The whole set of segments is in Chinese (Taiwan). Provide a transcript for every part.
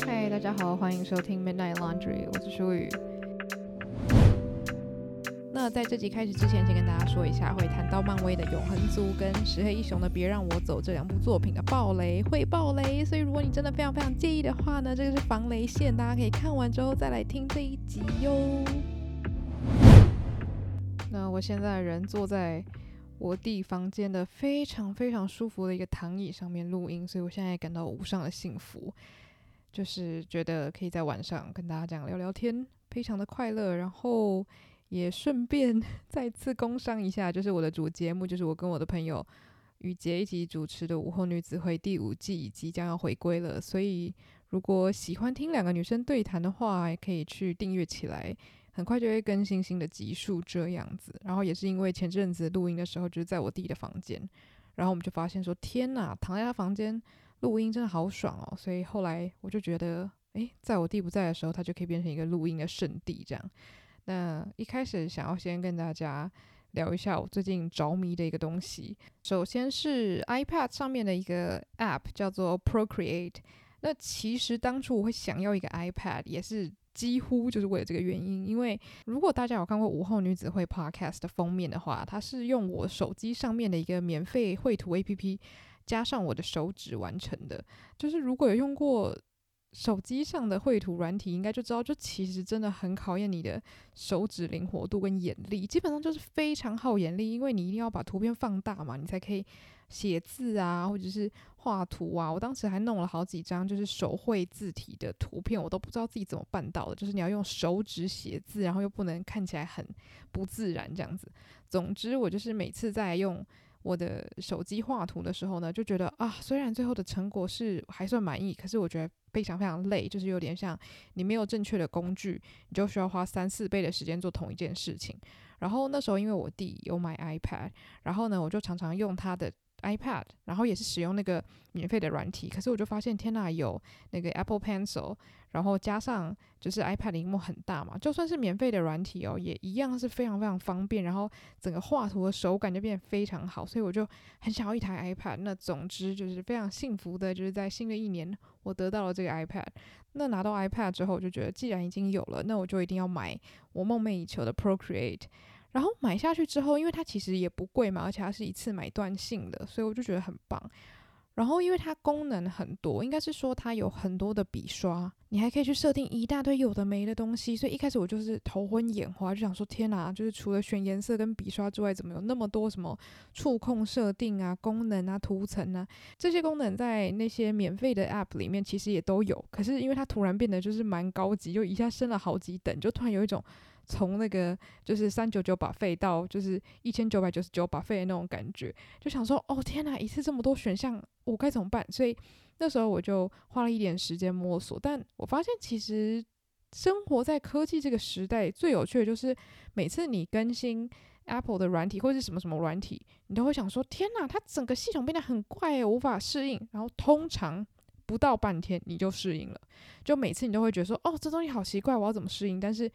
嗨，大家好，歡迎收聽 Midnight Laundry，我是舒雨。那在這集開始之前，先跟大家說一下，會談到漫威的《永恆族》跟《石黑一雄》的，別讓我走這兩部作品的暴雷，會暴雷。所以如果你真的非常非常介意的話呢，這個是防雷線，大家可以看完之後再來聽這一集喲。那我現在人坐在我弟房間的非常非常舒服的一個躺椅上面錄音，所以我現在也感到無上的幸福，就是覺得可以在晚上跟大家這樣聊聊天，非常的快樂。然後也順便再次工商一下，就是我的主節目，就是我跟我的朋友雨潔一起主持的《午後女子會》第五季即將要回歸了，所以如果喜歡聽兩個女生對談的話，也可以去訂閱起來。很快就會更新新的集數，這樣子。然後也是因為前陣子錄音的時候，就是在我弟的房間，然後我們就發現說：“天哪，躺在他房間錄音真的好爽喔！”所以後來我就覺得，欸，在我弟不在的時候，它就可以變成一個錄音的聖地這樣。那一開始想要先跟大家聊一下我最近着迷的一個東西，首先是 iPad 上面的一個 App 叫做 Procreate。那其實當初我會想要一個 iPad，也是。幾乎就是為了這個原因，因為如果大家有看過《午後女子會》podcast 的封面的話，它是用我手機上面的一個免費繪圖 APP 加上我的手指完成的。就是如果有用過手機上的繪圖軟體，應該就知道，就其實真的很考驗你的手指靈活度跟眼力。基本上就是非常耗眼力，因為你一定要把圖片放大嘛，你才可以寫字啊，或者是。畫圖啊！我當時還弄了好幾張，就是手繪字體的圖片，我都不知道自己怎麼辦到的。就是你要用手指寫字，然後又不能看起來很不自然這樣子。總之，我就是每次在用我的手機畫圖的時候呢，就覺得啊，雖然最後的成果是還算滿意，可是我覺得非常非常累，就是有點像你沒有正確的工具，你就需要花三四倍的時間做同一件事情。然後那時候因為我弟有買 iPad，然後呢，我就常常用他的。iPad，然後也是使用那個免費的軟體，可是我就發現，天吶，有那個 Apple Pencil，然後加上就是 iPad 的屏幕很大嘛，就算是免費的軟體哦，也一樣是非常非常方便，然後整個畫圖的手感就變得非常好，所以我就很想要一台 iPad。那總之就是非常幸福的，就是在新的一年我得到了這個 iPad。那拿到 iPad 之後，我就覺得既然已經有了，那我就一定要買我夢寐以求的 Procreate。然後買下去之後，因為它其實也不貴嘛，而且它是一次買斷性的，所以我就覺得很棒。然後因為它功能很多，應該是說它有很多的筆刷，你還可以去設定一大堆有的沒的東西。所以一開始我就是頭昏眼花，就想說天哪，就是除了選顏色跟筆刷之外，怎麼有那麼多什麼觸控設定啊、功能啊、圖層啊這些功能，在那些免費的 App 裡面其實也都有。可是因為它突然變得就是蠻高級，就一下升了好幾等，就突然有一種。從那個就是399 buffet 到就是1999 buffet 的那種感覺，就想說哦，天哪，一次這麼多選項，我該怎麼辦？所以那時候我就花了一點時間摸索，但我發現其實生活在科技這個時代，最有趣的就是每次你更新 Apple 的軟體或是什麼什麼軟體，你都會想說天哪，它整個系統變得很怪耶，無法適應。然後通常不到半天你就適應了，就每次你都會覺得說哦，這東西好奇怪，我要怎麼適應？但是。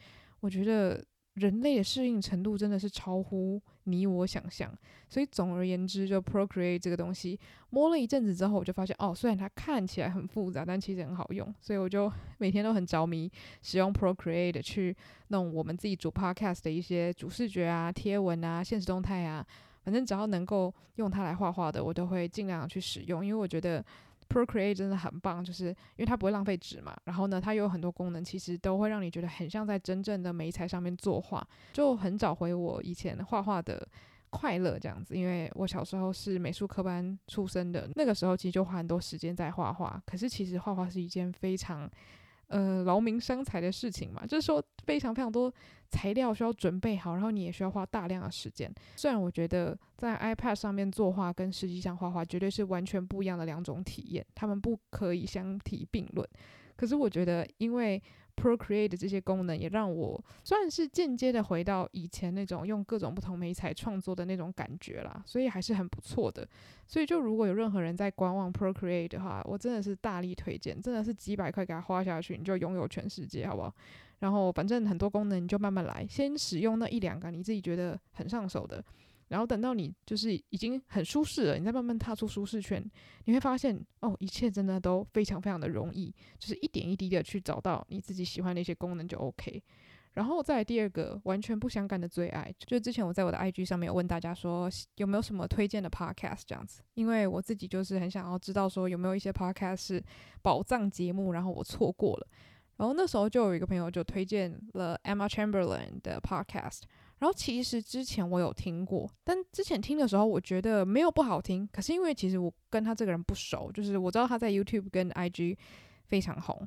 我覺得人類的適應程度真的是超乎你我想象，所以總而言之，就 Procreate 這個東西，摸了一陣子之後，我就發現哦，雖然它看起來很複雜，但其實很好用，所以我就每天都很着迷使用 Procreate 去弄我們自己主 podcast 的一些主視覺啊、貼文啊、限時動態啊，反正只要能夠用它來畫畫的，我都會盡量去使用，因為我覺得。Procreate 真的很棒，就是因為它不會浪費紙嘛。然後呢，它又有很多功能，其實都會讓你覺得很像在真正的媒材上面作畫，就很找回我以前畫畫的快樂這樣子。因為我小時候是美術科班出身的，那個時候其實就花很多時間在畫畫，可是其實畫畫是一件非常……呃，勞民傷財的事情嘛，就是說非常非常多材料需要準備好，然後你也需要花大量的時間。雖然我覺得在 iPad 上面作畫跟實際上畫畫絕對是完全不一樣的兩種體驗，他們不可以相提並論。可是我覺得，因為。Procreate 這些功能也讓我算是間接的回到以前那種用各種不同媒材創作的那種感覺啦，所以還是很不錯的。所以就如果有任何人在觀望 Procreate 的話，我真的是大力推薦，真的是幾百塊給他花下去，你就擁有全世界，好不好？然後反正很多功能你就慢慢來，先使用那一兩個你自己覺得很上手的。然後等到你就是已經很舒適了，你再慢慢踏出舒適圈，你會發現哦，一切真的都非常非常的容易，就是一點一滴的去找到你自己喜歡的一些功能就 OK。然後再來第二個完全不相干的最愛，就是之前我在我的 IG 上面有問大家說有沒有什麼推薦的 Podcast 這樣子，因為我自己就是很想要知道說有沒有一些 Podcast 是寶藏節目，然後我錯過了。然後那時候就有一個朋友就推薦了 Emma Chamberlain 的 Podcast。然後其實之前我有聽過，但之前聽的時候我覺得沒有不好聽，可是因為其實我跟他這個人不熟，就是我知道他在 YouTube 跟 IG 非常紅，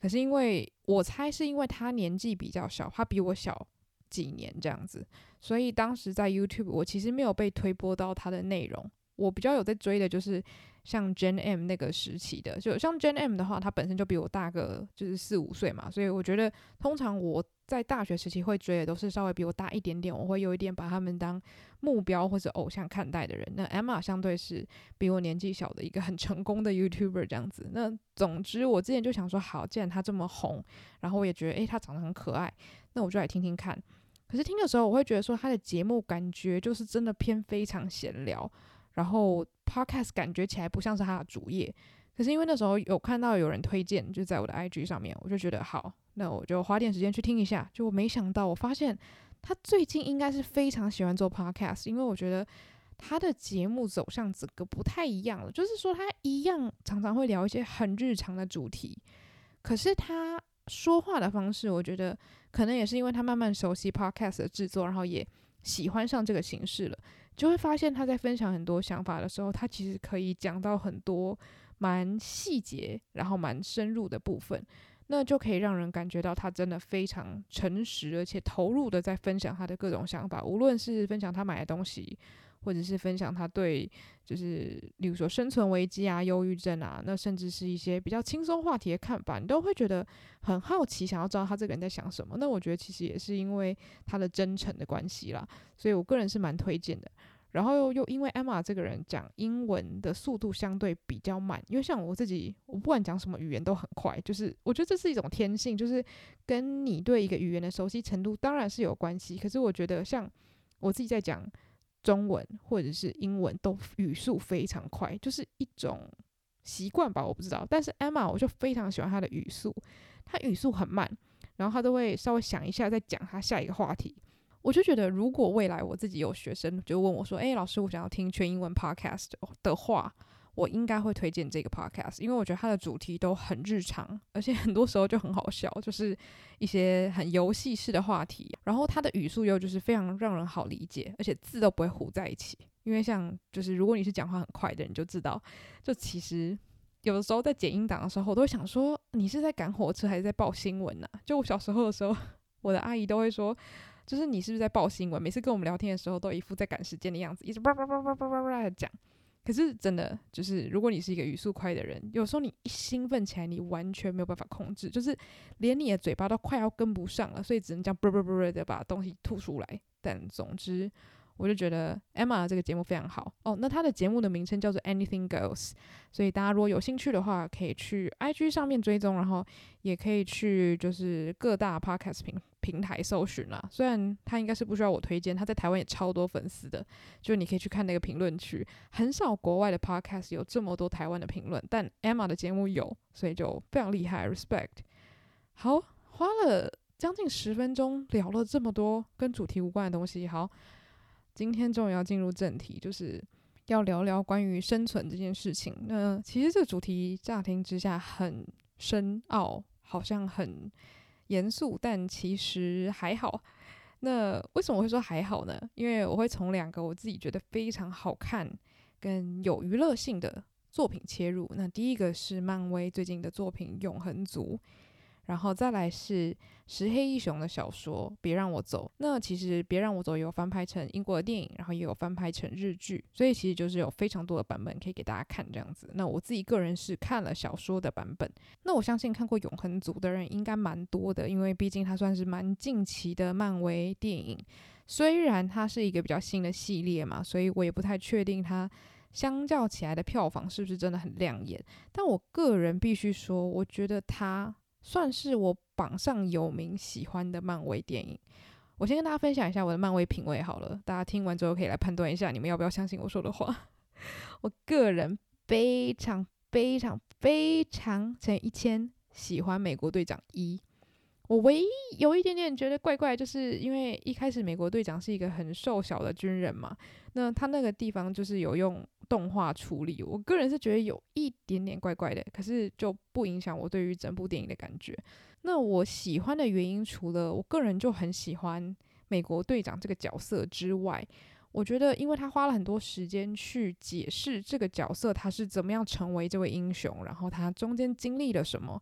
可是因為我猜是因為他年紀比較小，他比我小幾年這樣子，所以當時在 YouTube 我其實沒有被推播到他的內容。我比較有在追的就是像 Jen M 那個時期的，就像 Jen M 的話，他本身就比我大個就是四五歲嘛，所以我覺得通常我。在大學時期會追的都是稍微比我大一點點，我會有一點把他們當目標或者偶像看待的人。那 Emma 相對是比我年紀小的一個很成功的 YouTuber 這樣子。那總之我之前就想說，好，既然他這麼紅，然後我也覺得，哎、欸，他長得很可愛，那我就來聽聽看。可是聽的時候，我會覺得說他的節目感覺就是真的偏非常閒聊，然後 Podcast 感覺起來不像是他的主業。可是因為那時候有看到有人推薦，就在我的 IG 上面，我就覺得好。那我就花點時間去聽一下。就我沒想到，我發現他最近應該是非常喜歡做 podcast，因為我覺得他的節目走向整個不太一樣了。就是說，他一樣常常會聊一些很日常的主題，可是他說話的方式，我覺得可能也是因為他慢慢熟悉 podcast 的制作，然後也喜歡上這個形式了，就會發現他在分享很多想法的時候，他其實可以講到很多蠻細節，然後蠻深入的部分。那就可以讓人感覺到他真的非常誠實，而且投入的在分享他的各種想法，無論是分享他買的東西，或者是分享他對，就是例如說生存危機啊、憂鬱症啊，那甚至是一些比較輕鬆話題的看法，你都會覺得很好奇，想要知道他這個人在想什麼。那我覺得其實也是因為他的真誠的關係啦，所以我個人是蠻推薦的。然後又因為 Emma 這個人講英文的速度相對比較慢。因為像我自己，我不管講什麼語言都很快，就是我覺得這是一種天性，就是跟你對一個語言的熟悉程度當然是有關係。可是我覺得像我自己在講中文或者是英文都語速非常快，就是一種習慣吧，我不知道。但是 Emma 我就非常喜歡她的語速，她語速很慢，然後她都會稍微想一下再講她下一個話題。我就覺得，如果未來我自己有學生就問我說：“哎、欸，老師，我想要聽全英文 podcast 的話，我應該會推薦這個 podcast，因為我覺得它的主題都很日常，而且很多時候就很好笑，就是一些很遊戲式的話題。然後它的語速又就是非常讓人好理解，而且字都不會糊在一起。因為像就是如果你是講話很快的人，就知道，就其實有的時候在剪音檔的時候，我都會想說，你是在趕火車還是在報新聞呢、啊？就我小時候的時候，我的阿姨都會說。”就是你是不是在報新聞？每次跟我們聊天的時候，都一副在趕時間的樣子，一直叭叭叭叭叭叭的講。可是真的就是，如果你是一個語速快的人，有時候你一興奮起來，你完全沒有辦法控制，就是連你的嘴巴都快要跟不上了，所以只能這樣叭叭叭叭的把東西吐出來。但總之，我就覺得 Emma 這個節目非常好哦。Oh, 那她的節目的名稱叫做 Anything Goes，所以大家如果有興趣的話，可以去 IG 上面追蹤，然後也可以去就是各大 podcast 平平台搜尋了，雖然他應該是不需要我推薦，他在台灣也超多粉絲的，就你可以去看那個評論區，很少國外的 podcast 有這麼多台灣的評論，但 Emma 的節目有，所以就非常厲害，respect。好，花了將近十分鐘聊了這麼多跟主題無關的東西，好，今天終於要進入正題，就是要聊聊關於生存這件事情。那其實這主題乍聽之下很深奧，好像很。嚴肅，但其實還好。那為什麼我會說還好呢？因為我會從兩個我自己覺得非常好看跟有娛樂性的作品切入。那第一個是漫威最近的作品《永恆族》。然後再來是石黑一雄的小說《別讓我走》。那其實《別讓我走》有翻拍成英國的電影，然後也有翻拍成日劇，所以其實就是有非常多的版本可以給大家看這樣子。那我自己個人是看了小說的版本。那我相信看過《永恆族》的人應該蠻多的，因為畢竟它算是蠻近期的漫威電影。雖然它是一個比較新的系列嘛，所以我也不太確定它相較起來的票房是不是真的很亮眼。但我個人必須說，我覺得它。算是我榜上有名喜歡的漫威電影，我先跟大家分享一下我的漫威品味好了，大家聽完之後可以來判斷一下你們要不要相信我說的話。 我個人非常非常非常乘一千喜歡美國隊長一，我唯一有一點點覺得怪怪，就是因為一開始美國隊長是一個很瘦小的軍人嘛，那他那個地方就是有用。動畫處理，我個人是覺得有一點點怪怪的，可是就不影響我對於整部電影的感覺。那我喜歡的原因，除了我個人就很喜歡美國隊長這個角色之外，我覺得因為他花了很多時間去解釋這個角色他是怎麼樣成為這位英雄，然後他中間經歷了什麼，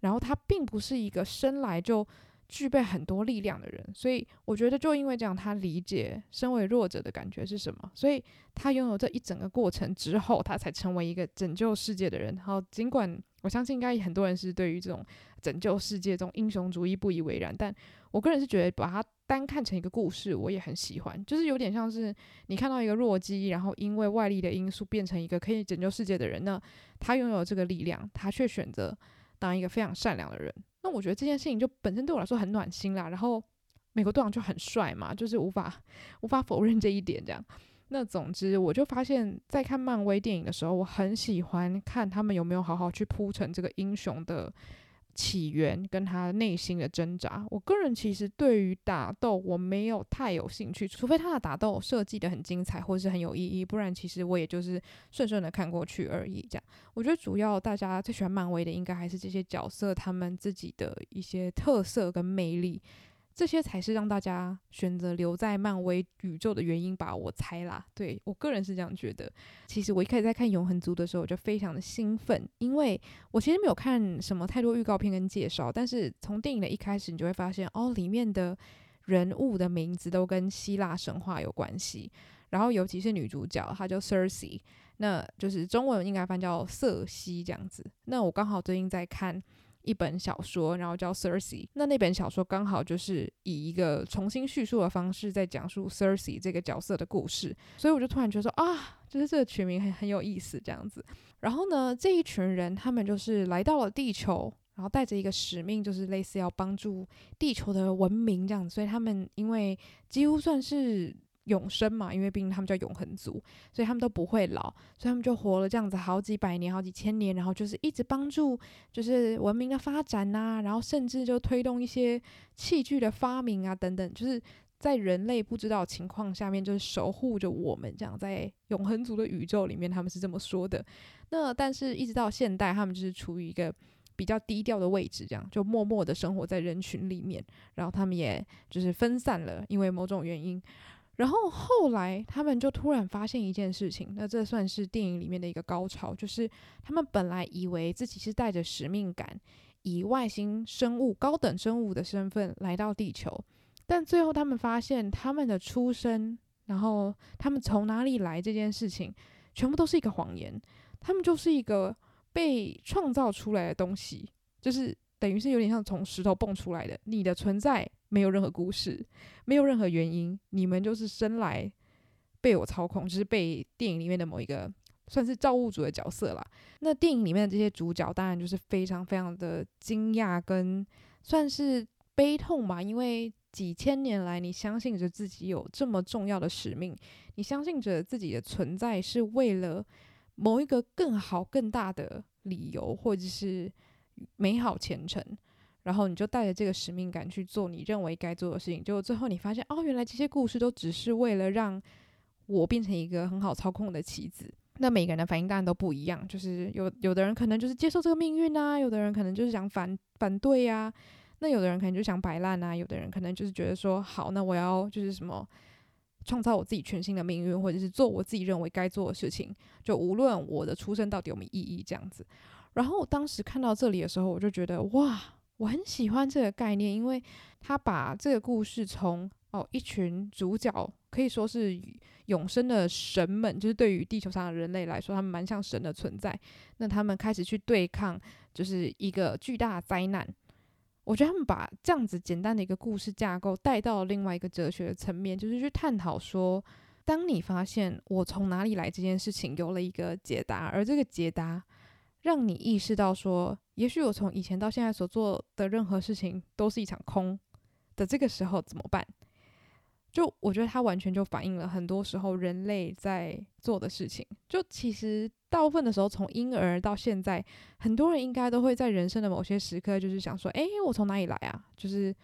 然後他並不是一個生來就。具備很多力量的人，所以我覺得就因為這樣，他理解身為弱者的感覺是什麼，所以他擁有這一整個過程之後，他才成為一個拯救世界的人。然後，儘管我相信應該很多人是對於這種拯救世界這種英雄主義不以為然，但我個人是覺得把它單看成一個故事，我也很喜歡。就是有點像是你看到一個弱雞，然後因為外力的因素變成一個可以拯救世界的人呢，他擁有這個力量，他卻選擇當一個非常善良的人。那我覺得這件事情就本身對我來說很暖心啦，然後美國隊長就很帥嘛，就是無法無法否認這一點這樣。那總之，我就發現，在看漫威電影的時候，我很喜歡看他們有沒有好好去鋪陳這個英雄的。起源跟他內心的掙扎，我個人其實對於打鬥我沒有太有興趣，除非他的打鬥設計得很精彩或是很有意義，不然其實我也就是順順的看過去而已。這樣，我覺得主要大家最喜歡漫威的應該還是這些角色，他們自己的一些特色跟魅力。這些才是讓大家選擇留在漫威宇宙的原因吧，我猜啦。對，我個人是這樣覺得。其實我一開始在看《永恆族》的時候，我就非常的興奮，因為我其實沒有看什麼太多預告片跟介紹，但是從電影的一開始，你就會發現哦，裡面的人物的名字都跟希臘神話有關係，然後尤其是女主角，她叫 Sersi，那就是中文應該翻叫瑟西這樣子。那我剛好最近在看。一本小說，然後叫《Circe》那那本小說剛好就是以一個重新敘述的方式在講述 Circe 這個角色的故事，所以我就突然覺得說啊，就是這個取名很很有意思這樣子。然後呢，這一群人他們就是來到了地球，然後帶着一個使命，就是類似要幫助地球的文明這樣子。所以他們因為幾乎算是。永生嘛，因為畢竟他們叫永恆族，所以他們都不會老，所以他們就活了這樣子好幾百年、好幾千年，然後就是一直幫助，就是文明的發展吶、啊，然後甚至就推動一些器具的發明啊等等，就是在人類不知道情況下面，就是守護着我們這樣，在永恆族的宇宙裡面，他們是這麼說的。那但是一直到現代，他們就是處於一個比較低調的位置，這樣就默默的生活在人群裡面，然後他們也就是分散了，因為某種原因。然後後來，他們就突然發現一件事情，那這算是電影裡面的一個高潮，就是他們本來以為自己是帶着使命感，以外星生物、高等生物的身份來到地球，但最後他們發現，他們的出身，然後他們從哪裡來這件事情，全部都是一個謊言，他們就是一個被創造出來的東西，就是等於是有點像從石頭蹦出來的，你的存在。沒有任何故事，沒有任何原因，你們就是生來被我操控，就是被電影裡面的某一個算是造物主的角色啦。那電影裡面的這些主角，當然就是非常非常的驚訝跟算是悲痛嘛，因為幾千年來你相信着自己有這麼重要的使命，你相信着自己的存在是為了某一個更好更大的理由，或者是美好前程。然後你就帶着這個使命感去做你認為該做的事情，結果最後你發現，哦、啊，原來這些故事都只是為了讓我變成一個很好操控的棋子。那每個人的反應當然都不一樣，就是有有的人可能就是接受這個命運啊，有的人可能就是想反反對呀、啊，那有的人可能就想擺爛啊，有的人可能就是覺得說，好，那我要就是什麼創造我自己全新的命運，或者是做我自己認為該做的事情，就無論我的出生到底有沒有意義這樣子。然後當時看到這裡的時候，我就覺得，哇！我很喜歡這個概念，因為他把這個故事從哦一群主角可以說是永生的神們，就是對於地球上的人類來說，他們蠻像神的存在。那他們開始去對抗，就是一個巨大的災難。我覺得他們把這樣子簡單的一個故事架構帶到了另外一個哲學的層面，就是去探討說，當你發現我從哪裡來這件事情有了一個解答，而這個解答。讓你意識到說，也許我從以前到現在所做的任何事情都是一場空的，這個時候怎麼辦？就我覺得它完全就反映了很多時候人類在做的事情。就其實大部分的時候，從嬰兒到現在，很多人應該都會在人生的某些時刻，就是想說，誒，我從哪裡來啊？就是。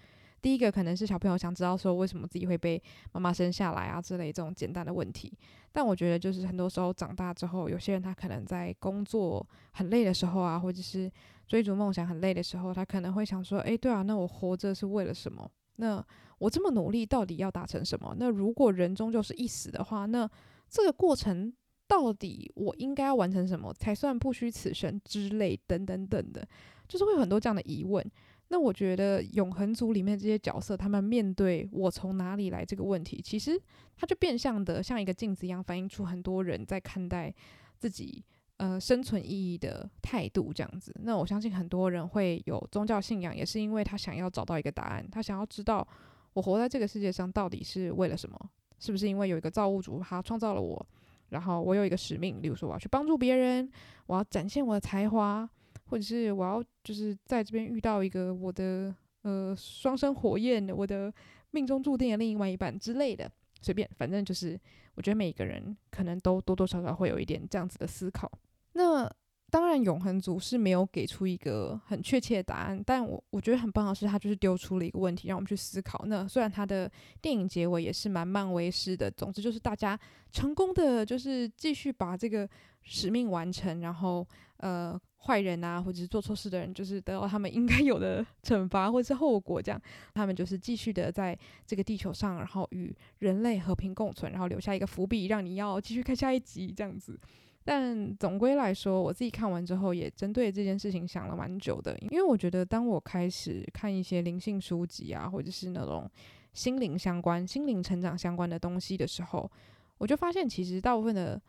第一個可能是小朋友想知道說為什麼自己會被媽媽生下來啊之類這種簡單的問題，但我覺得就是很多時候長大之後，有些人他可能在工作很累的時候啊，或者是追逐夢想很累的時候，他可能會想說，哎、欸，對啊，那我活着是為了什麼？那我這麼努力到底要達成什麼？那如果人終究是一死的話，那這個過程到底我應該要完成什麼才算不虛此生之類等等等等的，就是會有很多這樣的疑問。那我覺得永恆族裡面這些角色，他們面對“我從哪裡來”這個問題，其實他就變相的像一個鏡子一樣，反映出很多人在看待自己呃生存意義的態度這樣子。那我相信很多人會有宗教信仰，也是因為他想要找到一個答案，他想要知道我活在這個世界上到底是為了什麼？是不是因為有一個造物主他創造了我，然後我有一個使命，例如說我要去幫助別人，我要展現我的才華。或者是我要就是在這邊遇到一個我的呃雙生火焰，我的命中注定的另外一半之類的，隨便，反正就是我覺得每個人可能都多多少少會有一點這樣子的思考。那當然，永恆族是沒有給出一個很確切的答案，但我我覺得很棒的是，他就是丟出了一個問題，讓我們去思考。那雖然他的電影結尾也是蠻漫威式的，總之就是大家成功的就是繼續把這個使命完成，然後呃。壞人啊，或者是做錯事的人，就是得到他們應該有的懲罰或者是後果，這樣他們就是繼續的在這個地球上，然後與人類和平共存，然後留下一個伏筆，讓你要繼續看下一集這樣子。但總歸來說，我自己看完之後也針對這件事情想了蠻久的，因為我覺得當我開始看一些靈性書籍啊，或者是那種心靈相關、心靈成長相關的東西的時候，我就發現其實大部分的。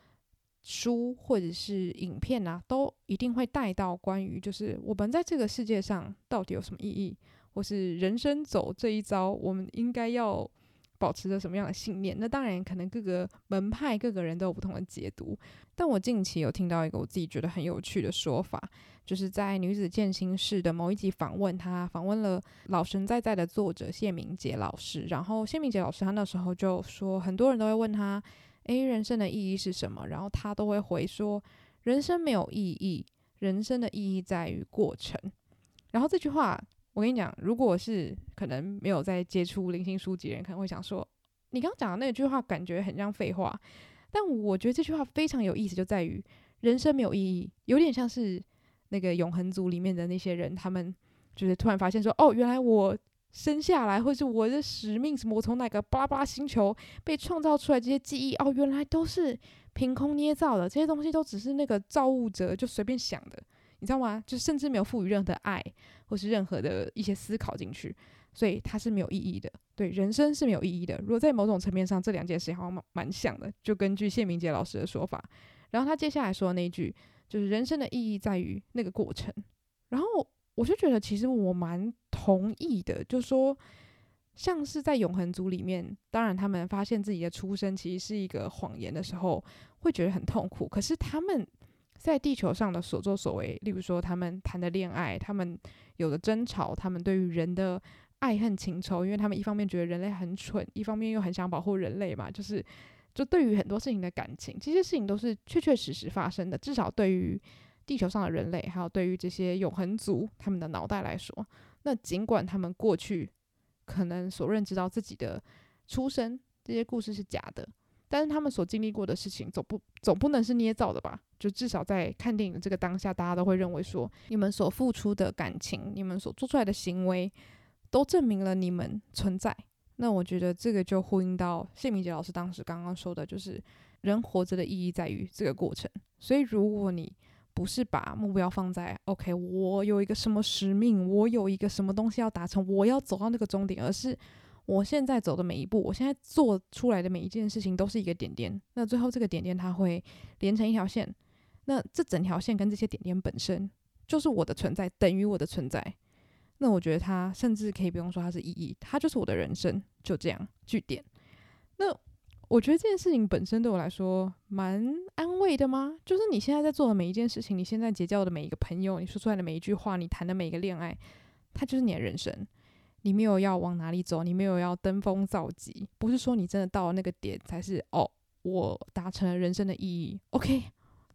書或者是影片吶、啊，都一定會帶到關於就是我們在這個世界上到底有什麼意義，或是人生走這一遭，我們應該要保持着什麼樣的信念？那當然，可能各個門派、各個人都有不同的解讀。但我近期有聽到一個我自己覺得很有趣的說法，就是在《女子健心室》的某一集訪問他，訪問了老神在在的作者謝明傑老師。然後謝明傑老師他那時候就說，很多人都會問他。誒，人生的意義是什麼？然後他都會回說：人生沒有意義，人生的意義在於過程。然後這句話，我跟你講，如果是可能沒有在接觸靈性書籍的人，可能會想說：你剛剛講的那句話感覺很像廢話。但我覺得這句話非常有意思，就在於人生沒有意義，有點像是那個永恆族裡面的那些人，他們就是突然發現說：哦，原來我。生下來或是我的使命？什麼？我從那個巴拉巴拉星球被創造出來？這些記憶哦，原來都是憑空捏造的。這些東西都只是那個造物者就隨便想的，你知道嗎？就甚至沒有賦予任何的愛，或是任何的一些思考進去，所以它是沒有意義的。對，人生是沒有意義的。如果在某種層面上，這兩件事情好像蠻蠻像的。就根據謝明傑老師的說法，然後他接下來說的那一句就是：人生的意義在於那個過程。然後我就覺得，其實我蠻。同意的，就說，像是在永恆族裡面，當然他們發現自己的出生其實是一個謊言的時候，會覺得很痛苦。可是他們在地球上的所作所為，例如說他們談的戀愛，他們有的爭吵，他們對於人的愛恨情仇，因為他們一方面覺得人類很蠢，一方面又很想保護人類嘛，就是就對於很多事情的感情，這些事情都是確確實實發生的。至少對於地球上的人類，還有對於這些永恆族他們的腦袋來說。那儘管他們過去可能所認知到自己的出生，這些故事是假的，但是他們所經歷過的事情總不總不能是捏造的吧？就至少在看電影的這個當下，大家都會認為說，你們所付出的感情，你們所做出來的行為，都證明了你們存在。那我覺得這個就呼應到謝明杰老師當時剛剛說的，就是人活着的意義在於這個過程。所以如果你不是把目標放在，OK，我有一個什麼使命，我有一個什麼東西要達成，我要走到那個終點，而是我現在走的每一步，我現在做出來的每一件事情都是一個點點，那最後這個點點它會連成一條線，那這整條線跟這些點點本身就是我的存在，等於我的存在，那我覺得它甚至可以不用說它是意義，它就是我的人生，就這樣句點，那。我覺得這件事情本身對我來說蠻安慰的嗎？就是你現在在做的每一件事情，你現在結交的每一個朋友，你說出來的每一句話，你談的每一個戀愛，它就是你的人生。你沒有要往哪裡走，你沒有要登峰造極。不是說你真的到了那個點才是哦，我達成了人生的意義。OK，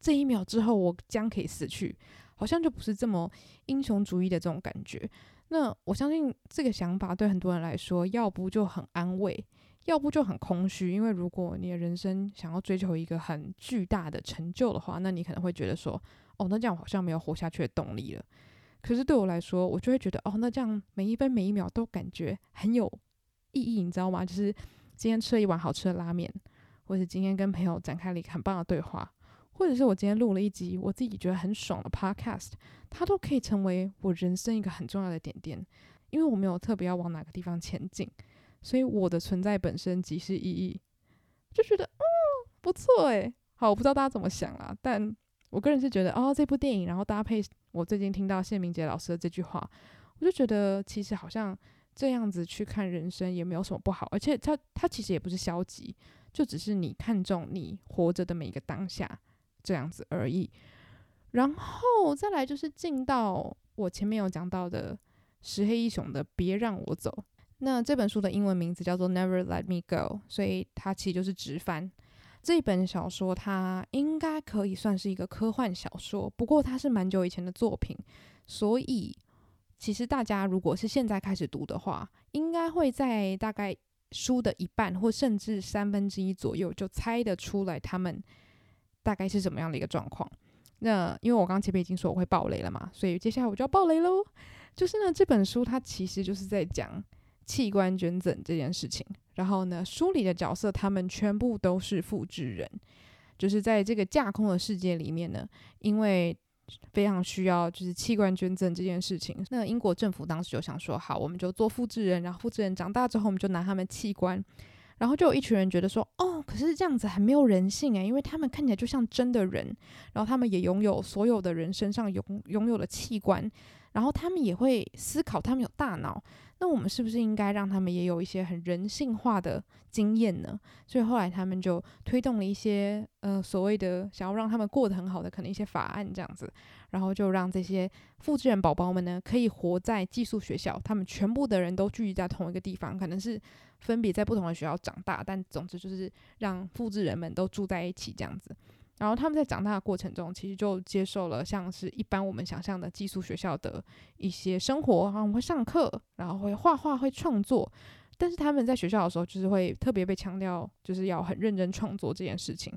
這一秒之後我將可以死去，好像就不是這麼英雄主義的這種感覺。那我相信這個想法對很多人來說，要不就很安慰。要不就很空虛，因為如果你的人生想要追求一個很巨大的成就的話，那你可能會覺得說，哦，那這樣好像沒有活下去的動力了。可是對我來說，我就會覺得，哦，那這樣每一分每一秒都感覺很有意義，你知道嗎？就是今天吃了一碗好吃的拉麵，或者今天跟朋友展開了一個很棒的對話，或者是我今天錄了一集我自己覺得很爽的 podcast，它都可以成為我人生一個很重要的點點，因為我沒有特別要往哪個地方前進。所以我的存在本身即是意義，就覺得哦、嗯、不錯誒，好，我不知道大家怎麼想啦、啊，但我個人是覺得哦，這部電影，然後搭配我最近聽到謝明杰老師的這句話，我就覺得其實好像這樣子去看人生也沒有什麼不好，而且它他其實也不是消極，就只是你看重你活着的每一個當下這樣子而已。然後再來就是進到我前面有講到的石黑一雄的《別讓我走》。那這本書的英文名字叫做《Never Let Me Go》，所以它其實就是直翻。這本小說它應該可以算是一個科幻小說，不過它是蠻久以前的作品，所以其實大家如果是現在開始讀的話，應該會在大概書的一半或甚至三分之一左右就猜得出來他們大概是什麼樣的一個狀況。那因為我剛前面已經說我會爆雷了嘛，所以接下來我就要爆雷嘍。就是呢，這本書它其實就是在講。器官捐贈這件事情，然後呢，書裡的角色他們全部都是複製人，就是在這個架空的世界裡面呢，因為非常需要就是器官捐贈這件事情，那英國政府當時就想說，好，我們就做複製人，然後複製人長大之後，我們就拿他們器官，然後就有一群人覺得說，哦，可是這樣子很沒有人性哎，因為他們看起來就像真的人，然後他們也擁有所有的人身上擁擁有的器官，然後他們也會思考，他們有大腦。那我們是不是應該讓他們也有一些很人性化的經驗呢？所以後來他們就推動了一些呃所謂的想要讓他們過得很好的可能一些法案這樣子，然後就讓這些複製人寶寶們呢可以活在寄宿學校，他們全部的人都聚集在同一個地方，可能是分別在不同的學校長大，但總之就是讓複製人們都住在一起這樣子。然後他們在長大的過程中，其實就接受了像是一般我們想象的寄宿學校的一些生活，然後我們會上課，然後會畫畫、會創作。但是他們在學校的時候，就是會特別被強調，就是要很認真創作這件事情。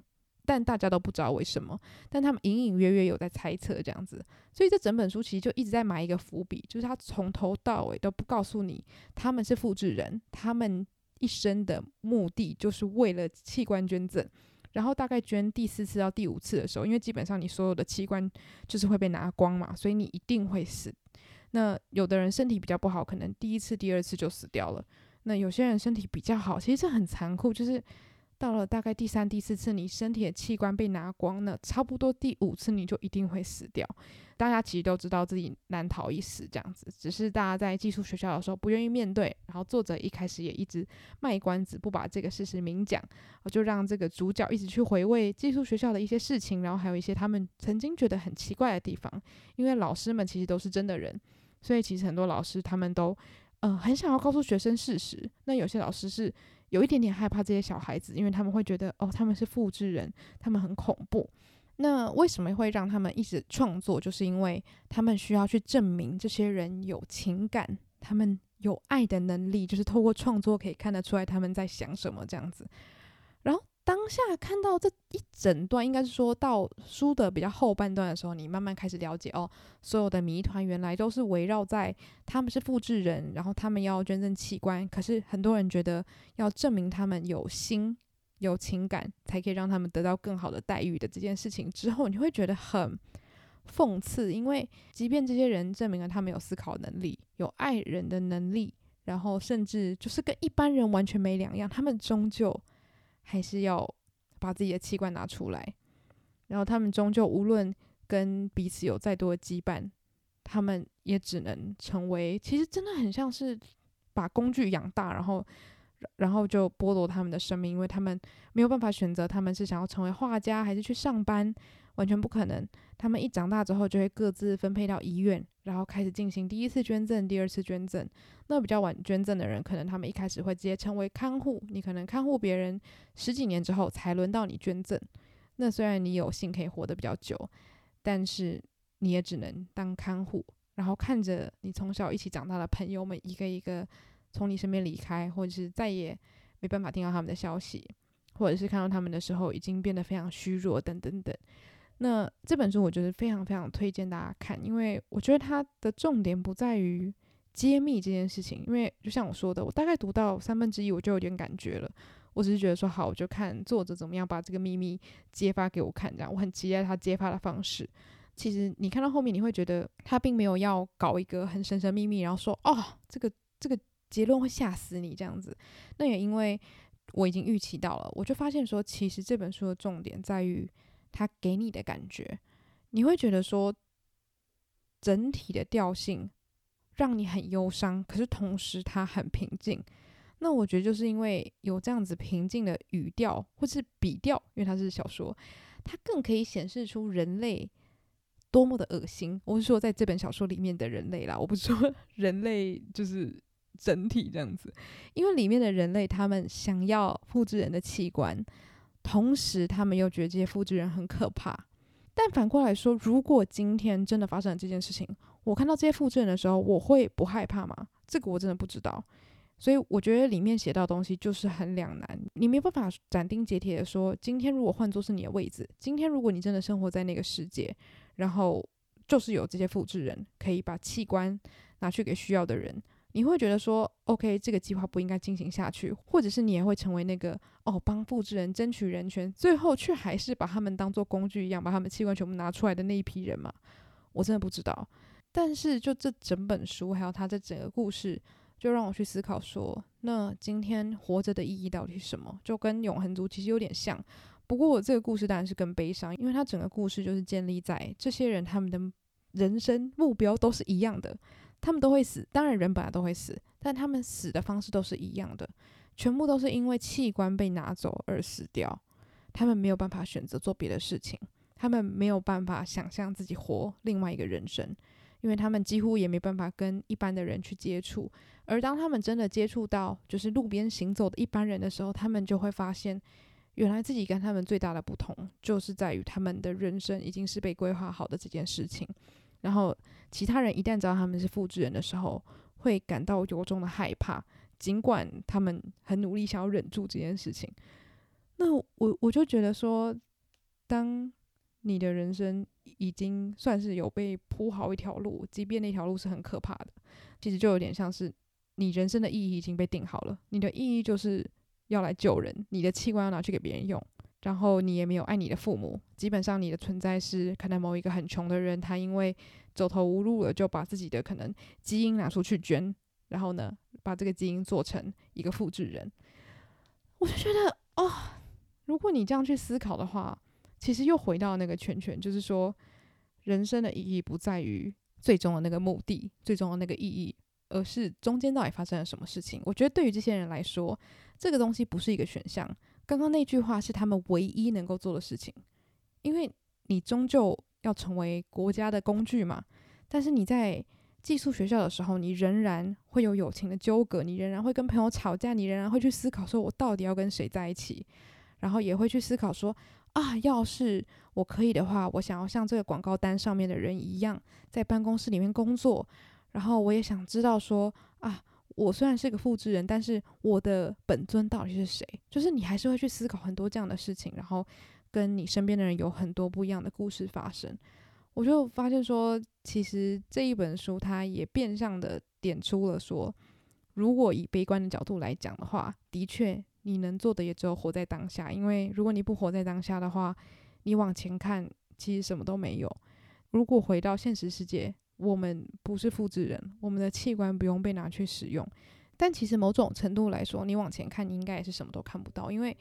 但大家都不知道為什麼，但他們隱隱約約有在猜測這樣子。所以這整本書其實就一直在埋一個伏筆，就是他從頭到尾都不告訴你他們是複製人，他們一生的目的就是為了器官捐贈。然後大概捐第四次到第五次的時候，因為基本上你所有的器官就是會被拿光嘛，所以你一定會死。那有的人身體比較不好，可能第一次、第二次就死掉了。那有些人身體比較好，其實這很殘酷，就是。到了大概第三、第四次，你身體的器官被拿光了，差不多第五次你就一定會死掉。大家其實都知道自己難逃一死，這樣子，只是大家在寄宿學校的時候不願意面對。然後作者一開始也一直賣關子，不把這個事實明講，就讓這個主角一直去回味寄宿學校的一些事情，然後還有一些他們曾經覺得很奇怪的地方。因為老師們其實都是真的人，所以其實很多老師他們都，嗯、呃、很想要告訴學生事實。那有些老師是。有一點點害怕這些小孩子，因為他們會覺得哦，他們是複製人，他們很恐怖。那為什麼會讓他們一直創作？就是因為他們需要去證明這些人有情感，他們有愛的能力，就是透過創作可以看得出來他們在想什麼這樣子。然後。當下看到這一整段，應該是說到書的比較後半段的時候，你慢慢開始了解哦，所有的謎團原來都是圍繞在他們是複製人，然後他們要捐贈器官，可是很多人覺得要證明他們有心、有情感，才可以讓他們得到更好的待遇的這件事情之後，你會覺得很諷刺，因為即便這些人證明了他們有思考能力、有愛人的能力，然後甚至就是跟一般人完全沒兩樣，他們終究。還是要把自己的器官拿出來，然後他們終究無論跟彼此有再多的羈絆，他們也只能成為，其實真的很像是把工具養大，然後然後就剝奪他們的生命，因為他們沒有辦法選擇，他們是想要成為畫家還是去上班，完全不可能。他們一長大之後就會各自分配到醫院。然後開始進行第一次捐贈，第二次捐贈。那比較晚捐贈的人，可能他們一開始會直接成為看護。你可能看護別人十幾年之後，才輪到你捐贈。那雖然你有幸可以活得比較久，但是你也只能當看護，然後看着你從小一起長大的朋友們一個一個從你身邊離開，或者是再也沒辦法聽到他們的消息，或者是看到他們的時候已經變得非常虛弱，等等等。那這本書我覺得非常非常推薦大家看，因為我覺得它的重點不在於揭秘這件事情，因為就像我說的，我大概讀到三分之一我就有點感覺了，我只是覺得說好，我就看作者怎麼樣把這個秘密揭發給我看，這樣我很期待他揭發的方式。其實你看到後面你會覺得他並沒有要搞一個很神神秘秘，然後說哦這個這個結論會嚇死你這樣子。那也因為我已經預期到了，我就發現說其實這本書的重點在於。他給你的感覺，你會覺得說，整體的調性讓你很憂傷，可是同時它很平靜。那我覺得就是因為有這樣子平靜的語調或是筆調，因為它是小說，它更可以顯示出人類多麼的噁心。我是說在這本小說裡面的人類啦，我不是說人類就是整體這樣子，因為裡面的人類他們想要複製人的器官。同時，他們又覺得這些複製人很可怕。但反過來說，如果今天真的發生了這件事情，我看到這些複製人的時候，我會不害怕嗎？這個我真的不知道。所以我覺得裡面寫到的東西就是很兩難，你沒有辦法斬釘截鐵的說，今天如果換作是你的位置，今天如果你真的生活在那個世界，然後就是有這些複製人，可以把器官拿去給需要的人。你會覺得說，OK，這個計劃不應該進行下去，或者是你也會成為那個哦，幫複製人爭取人權，最後卻還是把他們當做工具一樣，把他們器官全部拿出來的那一批人嗎？我真的不知道。但是就這整本書，還有他這整個故事，就讓我去思考說，那今天活着的意義到底是什麼？就跟永恆族其實有點像，不過我這個故事當然是更悲傷，因為它整個故事就是建立在這些人他們的人生目標都是一樣的。他們都會死，當然人本來都會死，但他們死的方式都是一樣的，全部都是因為器官被拿走而死掉。他們沒有辦法選擇做別的事情，他們沒有辦法想象自己活另外一個人生，因為他們幾乎也沒辦法跟一般的人去接觸。而當他們真的接觸到就是路邊行走的一般人的時候，他們就會發現，原來自己跟他們最大的不同，就是在於他們的人生已經是被規劃好的這件事情。然後，其他人一旦知道他們是複製人的時候，會感到由衷的害怕，儘管他們很努力想要忍住這件事情。那我我就覺得說，當你的人生已經算是有被鋪好一條路，即便那條路是很可怕的，其實就有點像是你人生的意義已經被定好了，你的意義就是要來救人，你的器官要拿去給別人用。然後你也沒有愛你的父母，基本上你的存在是可能某一個很窮的人，他因為走投無路了，就把自己的可能基因拿出去捐，然後呢，把這個基因做成一個複製人。我就覺得哦，如果你這樣去思考的話，其實又回到那個圈圈，就是說，人生的意義不在於最終的那個目的、最終的那個意義，而是中間到底發生了什麼事情。我覺得對於這些人來說，這個東西不是一個選項。剛剛那句話是他們唯一能夠做的事情，因為你終究要成為國家的工具嘛。但是你在寄宿學校的時候，你仍然會有友情的糾葛，你仍然會跟朋友吵架，你仍然會去思考說，我到底要跟誰在一起？然後也會去思考說，啊，要是我可以的話，我想要像這個廣告單上面的人一樣，在辦公室裡面工作。然後我也想知道說，啊。我雖然是個複製人，但是我的本尊到底是誰？就是你還是會去思考很多這樣的事情，然後跟你身邊的人有很多不一樣的故事發生。我就發現說，其實這一本書它也變相的點出了說，如果以悲觀的角度來講的話，的確你能做的也只有活在當下，因為如果你不活在當下的話，你往前看其實什麼都沒有。如果回到現實世界。我們不是複製人，我們的器官不用被拿去使用。但其實某種程度來說，你往前看，你應該也是什麼都看不到。因為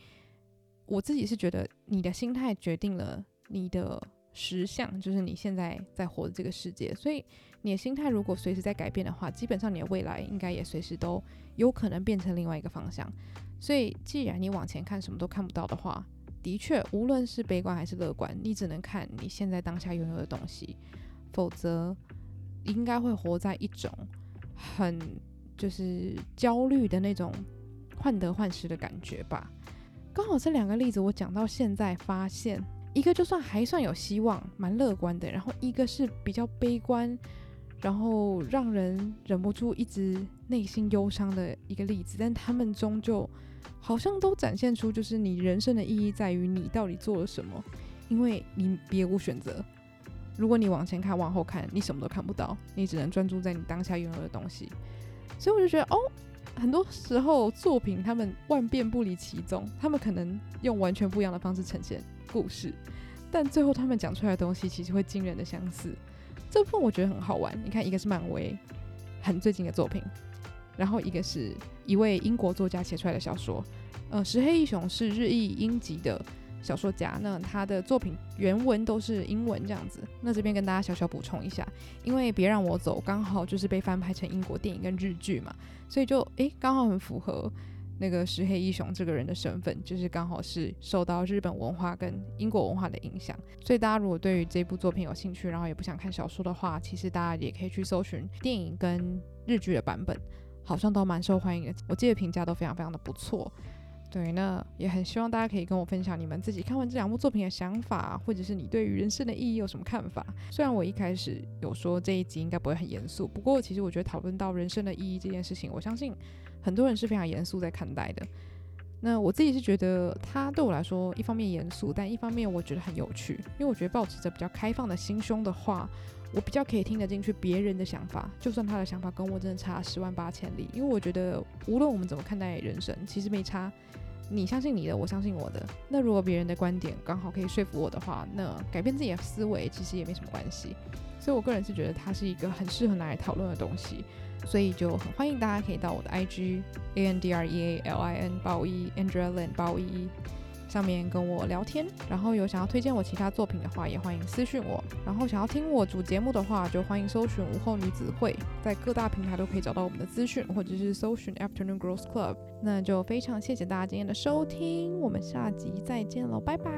我自己是覺得，你的心態決定了你的實相，就是你現在在活的這個世界。所以你的心態如果隨時在改變的話，基本上你的未來應該也隨時都有可能變成另外一個方向。所以既然你往前看什麼都看不到的話，的確，無論是悲觀還是樂觀，你只能看你現在當下擁有的東西，否則。應該會活在一種很就是焦慮的那種患得患失的感覺吧。剛好這兩個例子我講到現在，發現一個就算還算有希望，蠻樂觀的；然後一個是比較悲觀，然後讓人忍不住一直內心憂傷的一個例子。但他們終究好像都展現出，就是你人生的意義在於你到底做了什麼，因為你別無選擇。如果你往前看，往後看，你什麼都看不到，你只能專注在你當下擁有的東西。所以我就覺得，哦，很多時候作品他們萬變不離其宗，他們可能用完全不一樣的方式呈現故事，但最後他們講出來的東西其實會驚人的相似。這部分我覺得很好玩。你看，一個是漫威很最近的作品，然後一個是一位英國作家寫出來的小說。呃，石黑一雄是日裔英籍的，小說家，那他的作品原文都是英文這樣子。那這邊跟大家小小補充一下，因為《別讓我走》剛好就是被翻拍成英國電影跟日劇嘛，所以就誒、欸、剛好很符合那個石黑一雄這個人的身份，就是剛好是受到日本文化跟英國文化的影響。所以大家如果對於這部作品有興趣，然後也不想看小說的話，其實大家也可以去搜尋電影跟日劇的版本，好像都蠻受歡迎的，我記得評價都非常非常的不錯。對呢，那也很希望大家可以跟我分享你們自己看完這兩部作品的想法，或者是你對於人生的意義有什麼看法。雖然我一開始有說這一集應該不會很嚴肅，不過其實我覺得討論到人生的意義這件事情，我相信很多人是非常嚴肅在看待的。那我自己是覺得他對我來說，一方面嚴肅，但一方面我覺得很有趣。因為我覺得抱持着比較開放的心胸的話，我比較可以聽得進去別人的想法，就算他的想法跟我真的差十萬八千里。因為我覺得無論我們怎麼看待人生，其實沒差。你相信你的，我相信我的。那如果別人的觀點剛好可以說服我的話，那改變自己的思維其實也沒什麼關係。所以我個人是覺得它是一個很適合拿來討論的東西，所以就很歡迎大家可以到我的 IG A N D R E A L I N 包一 Andrealin 包一。上面跟我聊天，然後有想要推薦我其他作品的話，也歡迎私訊我。然後想要聽我主節目的話，就歡迎搜尋午後女子會，在各大平台都可以找到我們的資訊，或者是搜尋 Afternoon Girls Club。那就非常謝謝大家今天的收聽，我們下集再見嘍，拜拜。